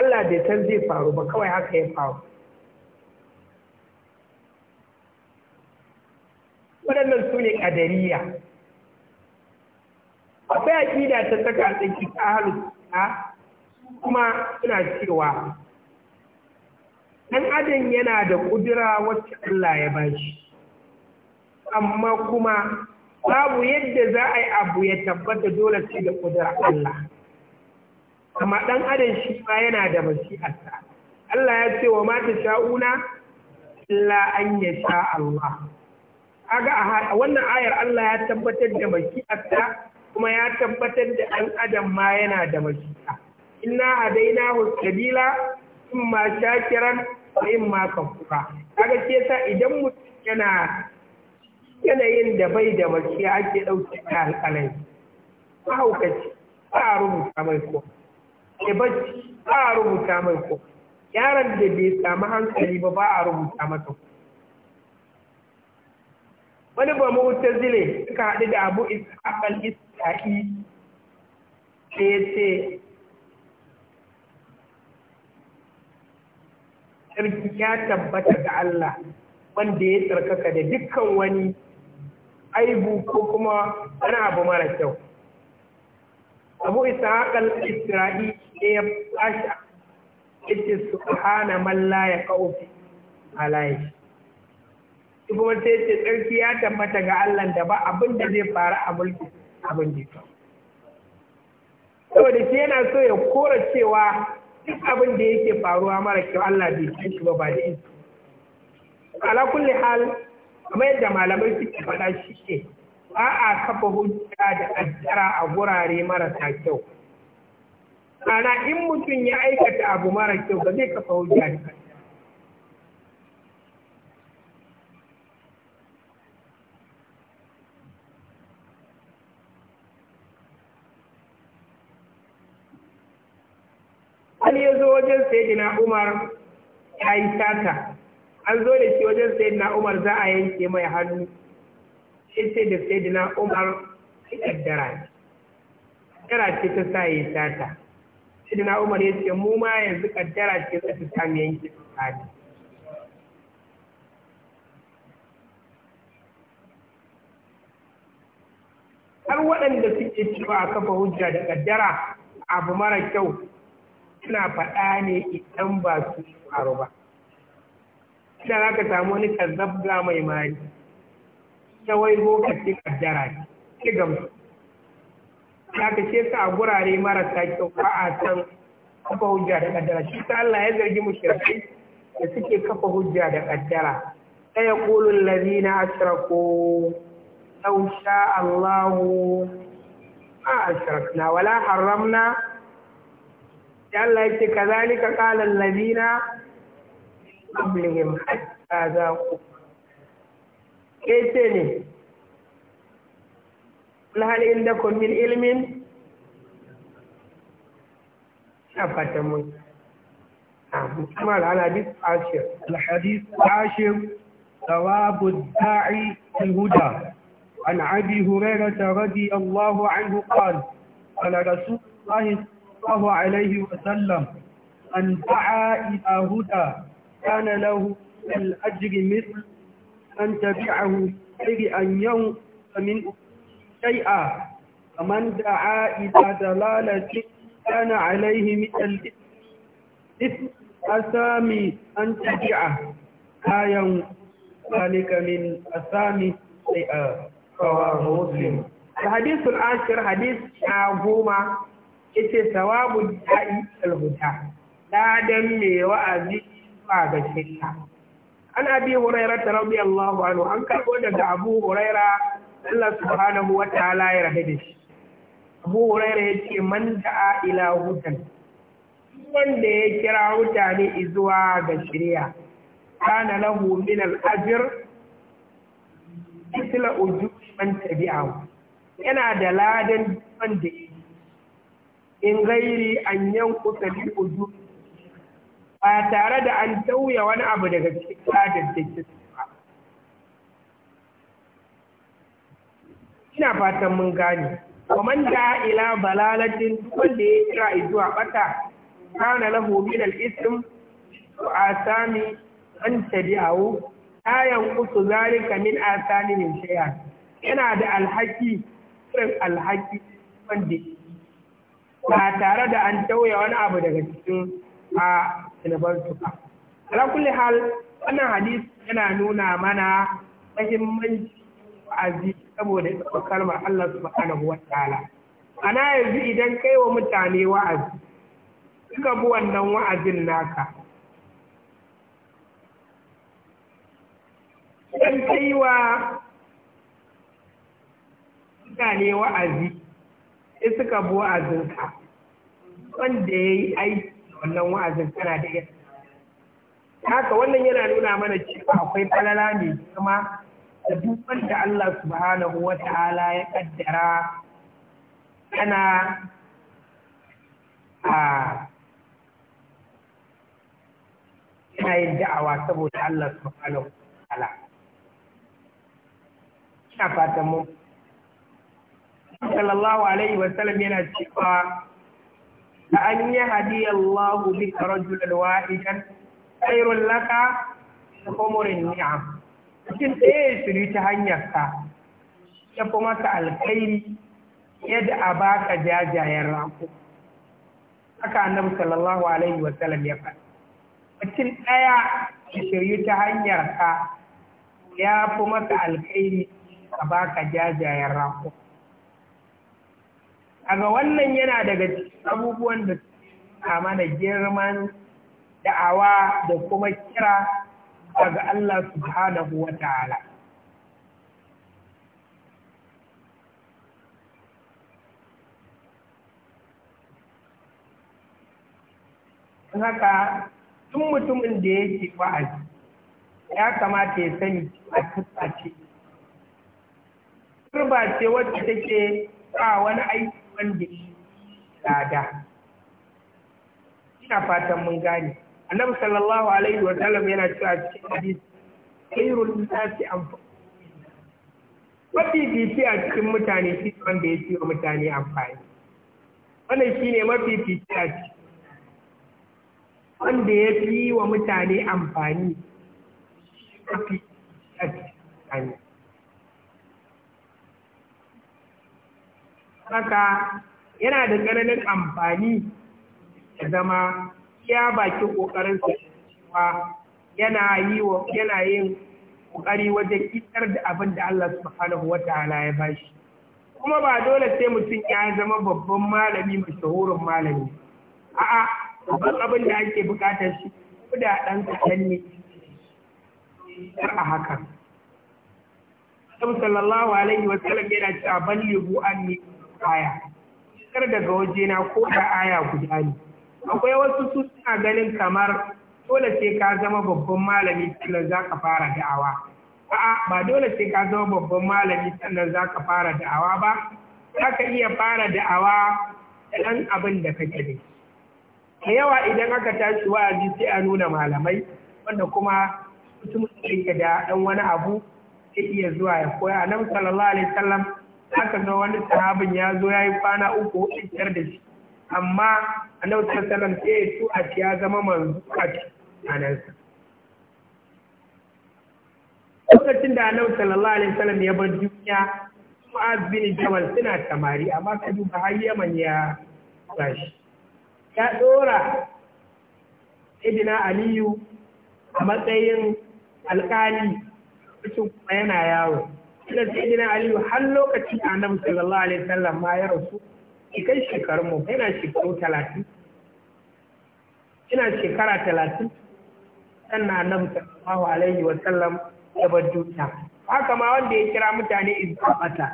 Allah bai san zai faru ba kawai haka ya faru waɗannan su ne ƙadariya akwai aƙida ta saka tsaki ta halitta kuma suna cewa ɗan adam yana da ƙudura wacce Allah ya bashi amma kuma babu yadda za a yi abu ya tabbata dole sai da kudura Allah amma ɗan adam shi ma yana da mashi'arsa Allah ya ce wa mata sha'una illa an ya sha Allah aga a wannan ayar Allah ya tabbatar da mashi'arsa kuma ya tabbatar da ɗan adam ma yana da mashi'a inna hadainahu sabila ma shakiran wa ma kafura Aga ce sa idan mutum yana yanayin da bai da mace ake ɗauki ta alƙalai ba haukaci ba a rubuta mai ko ke bacci ba a rubuta mai ko yaran da bai samu hankali ba ba a rubuta mata ko wani ba zile suka haɗu da abu isa'al isa'i da ya ce sarki ya tabbata ga Allah wanda ya tsarkaka da dukkan wani aibu ko kuma wani abu mara kyau abu isa haƙar isra'i ne ya fasha ita su hana malla ya ƙaufi halaye shi kuma sai ce tsarki ya tabbata ga allah da ba abin da zai faru a mulki abin da saboda shi yana so ya kora cewa duk abin da yake faruwa mara kyau allah bai ba ba da ita ala kulli hal kamar yadda malamai suke faɗa shi ke, ba a kafa hujja da ƙaddara a gurare marasa kyau ana in mutum ya aikata abu mara kyau ba zai kafa hujja da ƙaddara Ali ya zo wajen sai Umar ya yi sata an zo da shi wajen na Umar za a yanke mai hannu sai sai da na Umar sai kaddara ne kaddara ce ta sa ya sata na Umar ya ce mu ma yanzu kaddara ce za ta sami yanke tsakani har waɗanda suke cewa a kafa hujja da kaddara abu mara kyau suna faɗa ne idan ba su yi faru ba da za ka samu wani kazzabga mai mari ta wai lokacin kaddara ce gamsu za ka ce ka a gurare marasa kyau ba a san kafa hujja da kaddara shi ta Allah ya zargi mushrikai da suke kafa hujja da kaddara sai ya qulu allazina asraku law sha Allahu ma asrakna wala haramna ya Allah yake kazalika qala allazina qablihim hatta zaqu kaitene هل عندكم من علم ilmin afata mu كما الحديث نعم، العاشر الحديث العاشر ثواب الداعي الهدى عن ابي هريره رضي الله عنه قال قال رسول الله صلى الله عليه وسلم من دعا الى هدى كان له الأجر مثل أن تبعه غير أن ينقم شيئا فمن دعا إلى ضلالة كان عليه مثل إثم أسامي أن تبعه آية ذلك من أسامي شيئا رواه مسلم الحديث العاشر حديث عظومة ita sawabu da'i alhuda ladan mai wa'azi zuwa ga huraira an abi hurairah radiyallahu anhu an karbo daga abu hurairah Allah subhanahu wa ta'ala ya rahe da shi Abu Huraira ya ce man da'a ila hutan wanda ya kira mutane izuwa ga shirya kana lahu min al-ajr mithla ujubi man tabi'ahu yana da ladan wanda in gairi an yankusa bi ujubi ba tare da an tauya wani abu daga cikin tsadaddakin ba ina fatan mun gane ومن دعا إلى ضلالة wanda ya kira zuwa bata kana lahu min al su a sami an tabi'ahu ayan qutu zalika min sami min shay'a yana da alhaki irin alhaki wanda ba tare da an tauya wani abu daga cikin a tuka. ala kulli hal wannan hadis yana nuna mana mahimmanci wa'azi saboda ita kalmar Allah subhanahu wa ta'ala ana yanzu idan kai wa mutane wa'azi suka bi wannan wa'azin naka idan kai wa mutane wa'azi sai suka bi wa'azinka wanda ya yi aiki wannan wa'azin tana da yadda haka wannan yana nuna mana cewa akwai falala mai girma da duk wanda Allah subhanahu wa ta'ala ya kaddara tana a yana yin da'awa saboda Allah subhanahu wa ta'ala ina fatan mu sallallahu alaihi wa sallam yana cewa أن يهدي الله بك رجلا واحدا خير لك عمر النعم لكن ɗaya shiri ta hanyarka ya fi masa alkhairi yadda a jajayen rako haka annabi sallallahu alaihi sallam ya faɗi mutum ɗaya shiri ta ka ya fi masa alkhairi a baka jajayen rako aga wannan yana daga abubuwan da suka da girman da'awa da kuma kira daga Allah subhanahu wa ta'ala haka tun mutumin da yake wa'azi ya kamata ya sani a tutsa turba ce wacce take ba wani aiki wanda shi tsada ina fatan mun gane annabi sallallahu alaihi wa sallam yana cewa cikin hadisi khairul nasi anfu mafi fifi a cikin mutane shi wanda ya wa mutane amfani wannan shi ne mafi fifi a cikin wanda ya fi wa mutane amfani mafi fifi a cikin mutane haka yana da tsananin amfani da zama iya baki ƙoƙarinsa cewa yana yi yana yin ƙoƙari wajen kitar da abin da Allah subhanahu wata'ala ya bashi kuma ba dole sai mutum ya zama babban malami mashahurin malami a'a babban abin da ake buƙatar shi ko da ɗan kaɗan ne a hakan. Sallallahu alaihi wa sallam yana cewa ballighu anni aya kar daga waje ko da aya guda ne akwai wasu su suna ganin kamar dole sai ka zama babban malami sannan za ka fara da'awa a'a ba dole sai ka zama babban malami sannan za ka fara da'awa ba za ka iya fara da'awa da ɗan abin da kake da da yawa idan aka tashi wa'azi sai a nuna malamai wanda kuma mutum da ɗan wani abu sai iya zuwa ya koya nan sallallahu alaihi wasallam aka zo wani sahabin ya zo ya yi kwana uku hudu biyar da shi amma annabi sallallahu alaihi sai ya su a ya zama manzo a anansa lokacin da annabi sallallahu alaihi wasallam ya bar duniya Mu'az bin Jabal suna tamari amma ka duba har Yaman ya bashi ya dora Idina Aliyu a matsayin alƙali cikin yana yawo da sayyidina aliyu har lokacin annabi sallallahu alaihi wasallam ma ya rasu kai shekarun mu yana shekaru talatin ina shekara talatin sannan annabi sallallahu alaihi wasallam ya bar duniya haka ma wanda ya kira mutane izba bata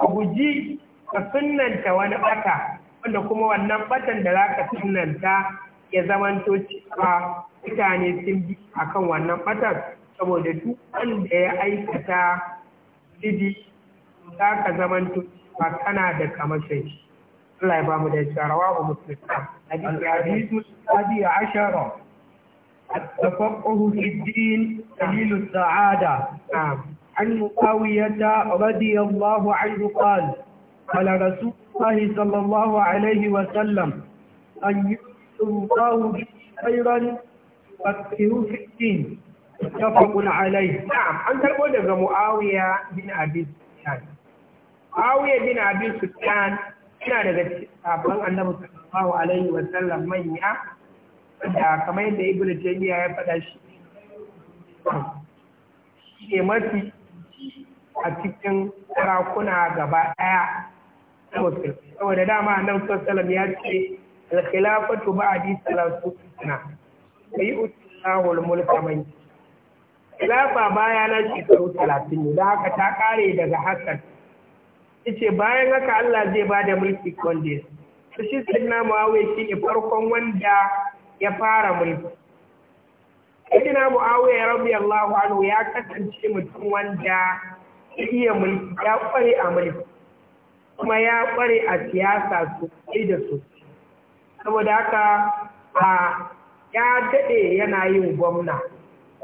ka guji ka sunnanta wani bata wanda kuma wannan batan da za ka sunnanta ya zamanto cewa mutane sun bi akan wannan batan saboda duk wanda ya aikata idi za ka zamanto ba kana da kamashin shi Allah ya ba mu da ya rawahu muslim al-hadithu hadi ashara التفقه في الدين دليل السعادة نعم عن مقاوية رضي الله عنه قال قال رسول الله صلى الله عليه وسلم أن يؤتي الله خيرا فكره في الدين muttafaqun alayhi na'am an karbo daga muawiya bin abi sufyan muawiya bin abi sufyan yana daga sahabban annabi sallallahu alaihi wa sallam manya da kamar yadda ibnu taymiya ya faɗa shi shi ne mafi a cikin sarakuna gaba ɗaya saboda dama annabi sallallahu ya ce al-khilafatu ba'di salatu sana sayyidullahu al-mulku man khilafa baya nan shekaru talatin ne da haka ta kare daga hakan ice bayan haka Allah zai ba da mulki kwande su shi sinna muawiya shi ne farkon wanda ya fara mulki Sayyidina Muawiya radiyallahu anhu ya kasance mutum wanda ya iya mulki ya kware a mulki kuma ya kware a siyasa kai da su, saboda haka a ya daɗe yana yin gwamna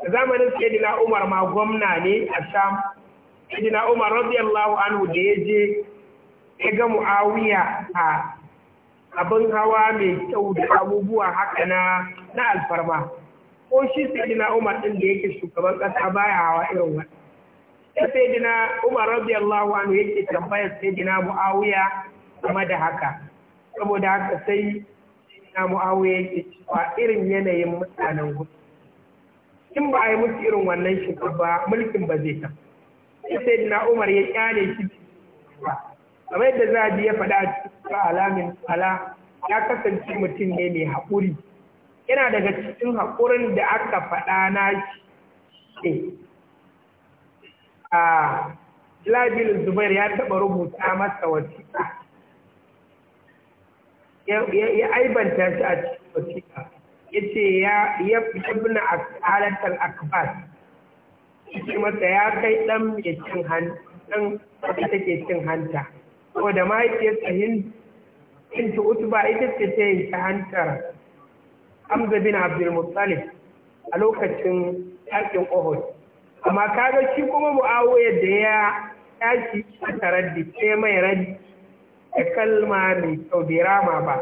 zamanin sayyidina Umar ma gwamna ne a Sham sayyidina Umar radiyallahu anhu da ya je ya ga Muawiya a abin hawa mai kyau da abubuwa haka na na alfarma ko shi sayyidina Umar din da yake shugaban kasa baya hawa irin wa sayyidina Umar radiyallahu anhu yake tambayar sayyidina Muawiya kuma da haka saboda haka sai sayyidina mu'awiya yake cewa irin yanayin mutanen gudu in ba a yi musu irin wannan ba. mulkin ba zai ta sai na umar ya kyale shi kamar yadda zabi ya faɗa cikin alamin ala ya kasance mutum ne mai haƙuri yana daga cikin haƙurin da aka faɗa na shi a labil zubair ya taɓa rubuta masa wasiƙa ya aibanta shi a cikin wasiƙa yace ya ibn alat al-akbar shi mata ya kai dan mai cin hanta dan take cin hanta saboda mahaifiyarsa in ta utba ita ce ta yanki hantar hamza bin abdul a lokacin yakin uhud amma kaga shi kuma mu'awiyar da ya tashi a taraddi sai mai raddi da kalma mai kyau bai rama ba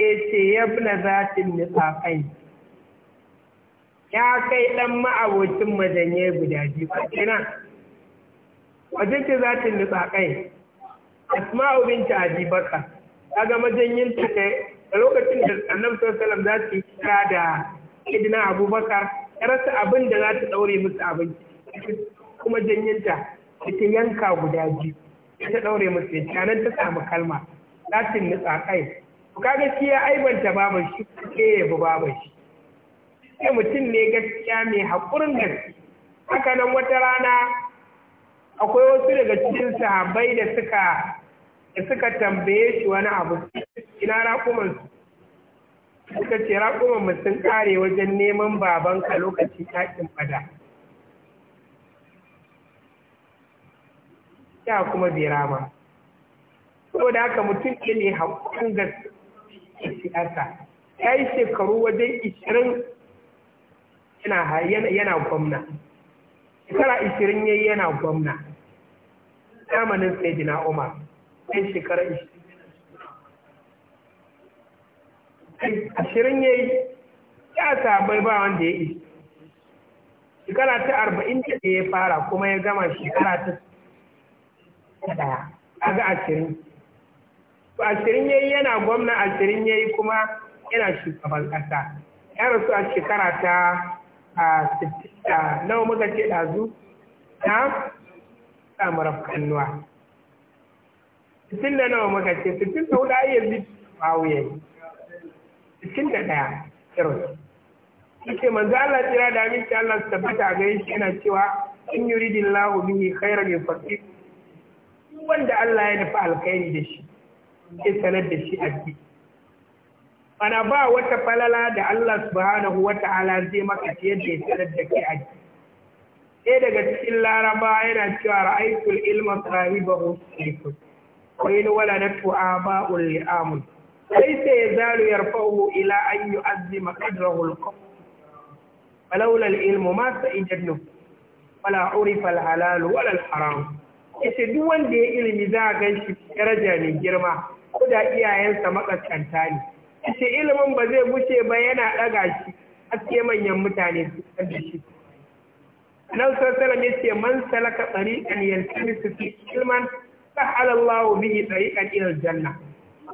ce ya bula zatin nisafai ya kai ɗan ma'abocin majanye guda biyu a kina wajen ce zatin nisafai asma'u binta abibaka kaga majanyin ta ne a lokacin da annabi sallallahu za su kira da idina abubakar ya rasa abin da za ta ɗaure musu abinci kuma janyinta ita yanka guda biyu ta ɗaure musu ya ta samu kalma zatin kai. Ka ga shi ya aibanta baban shi ke yabi baban shi sai mutum ne gaskiya mai haƙurin gaske haka nan wata rana akwai wasu daga cikin sahabbai da suka da suka tambaye shi wani abu ina rakuman su suka ce raƙuman mu sun kare wajen neman babanka lokacin takin bada ya kuma bera ba saboda haka mutum ne haƙurin gaske siyasa ya yi shekaru wajen ishirin yana gwamna shekara ishirin ya yi yana gwamna zamanin sayyidina umar sai shekara ishirin ashirin ya yi ya sabai ba wanda ya yi shekara ta arba'in da ya fara kuma ya gama shekara ta ɗaya a ga ashirin ashirin yayi yana gwamna ashirin yayi kuma yana shugaban ƙasa ya rasu a shekara ta a nawa muka ce ɗazu na samurar kannuwa sittin da nawa muka ce sittin da hudu ayyar bi ya yi, sittin da ɗaya irin Ike manzo Allah jira da aminci Allah su tabbata a gare shi yana cewa in yuridillahu bihi khairan yufaqihu wanda Allah ya nufi alkhairi da shi ke sanar da shi a ji. ana ba wata falala da Allah subhanahu wa ta'ala zai maka fiye da ya sanar da a ji. ɗaya daga cikin laraba yana cewa ra'aitul ilma sahibahu sirkun wa in waladatu aba'ul li'amun laysa yazalu yarfa'u ila an yu'azzima qadrahu al-qawm falawla al-ilmu ma sa'idatu wala urifa al-halal wala al-haram yace duk wanda ya ilimi za a gan shi daraja ne girma ko da iyayensa makaskanta ne ce ilimin ba zai bushe ba yana ɗaga shi haske manyan mutane su san da shi nan sassalam ya ce man salaka tsariƙan yaltamisu fi ilman biyu bihi kan ilal janna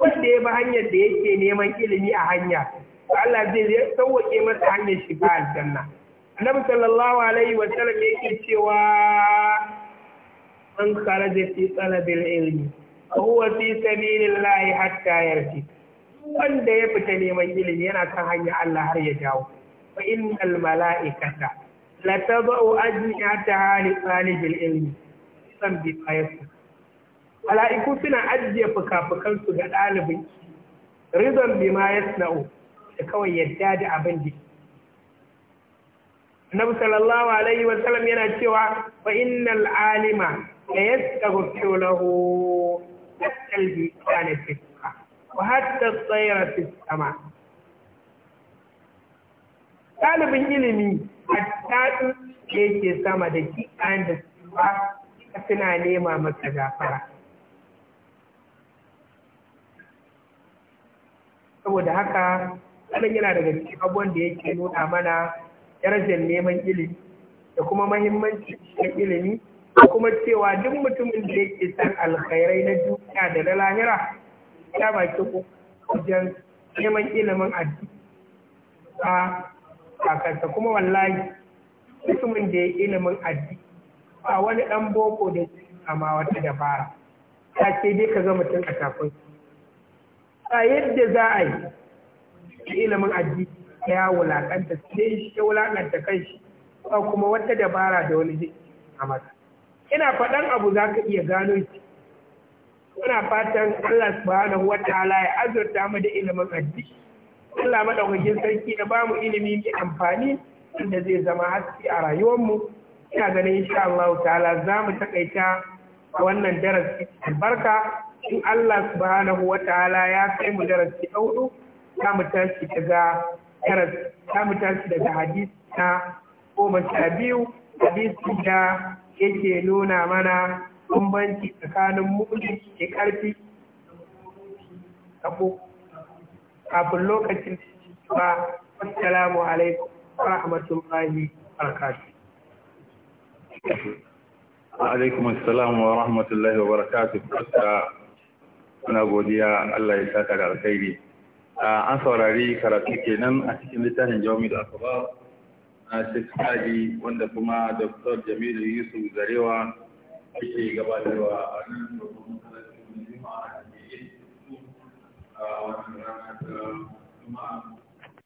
wanda ya bi hanyar da yake neman ilimi a hanya Allah zai sauwaƙe masa hanyar shiga aljanna annabi sallallahu alaihi wa sallam yake cewa man kharaja fi talabil ilmi huwa fi sabilillahi hatta yarji wanda ya fita neman ilimi yana kan hanya Allah har ya dawo fa innal mala'ikata la tabu ajniyata li talibil ilmi san bi qayasu mala'iku suna ajiye fukafukan su ga dalibin rizan bi ma yasna'u da kawai yadda da abin da Annabi sallallahu alaihi wa sallam yana cewa fa innal alima la yastaghfiru lahu كالكلب كان في السماء وحتى في السماء ɗalibin ilimi a da yake دكي da السماء da نيمة متجافرة nema masa gafara saboda haka wannan yana daga cikin abubuwan da yake nuna mana darajar neman ilimi da kuma ilimi da kuma cewa duk mutumin da yake san alkhairai na duniya da na lahira ya baki wajen neman ilimin addini a kakarsa kuma wallahi mutumin da ya ilimin addini ba wani dan boko da ke kama wata dabara ta ce dai ka ga mutum a tafin a yadda za a yi ilimin addini ya wulakanta sai shi ya wulaƙanta kai shi ba kuma wata dabara da wani jiki a mata ina faɗan abu za ka iya gano shi muna fatan Allah subhanahu wa ta'ala ya azurta mu da ilimin addini Allah madaukakin sarki ya bamu ilimi mai amfani wanda zai zama haske a rayuwar mu. ina ganin insha Allah ta'ala za mu takaita wannan darasi albarka in Allah subhanahu wa ya kai mu darasi hudu za mu tashi daga darasi za mu tashi daga hadisi na goma sha biyu hadisi da yake nuna mana bambanci tsakanin mulki da ƙarfi abu kafin lokacin ba assalamu alaikum wa rahmatullahi wa barakatuh wa alaikum assalam wa rahmatullahi wa barakatuh kuna godiya Allah ya saka da alkhairi ah, an saurari karatu kenan a cikin littafin da akbar Shekari wanda kuma Dr. Jamilu Yusuf Zarewa yake gabatarwa a nan da kuma masarautar Juma'a a wannan rana ta Juma'a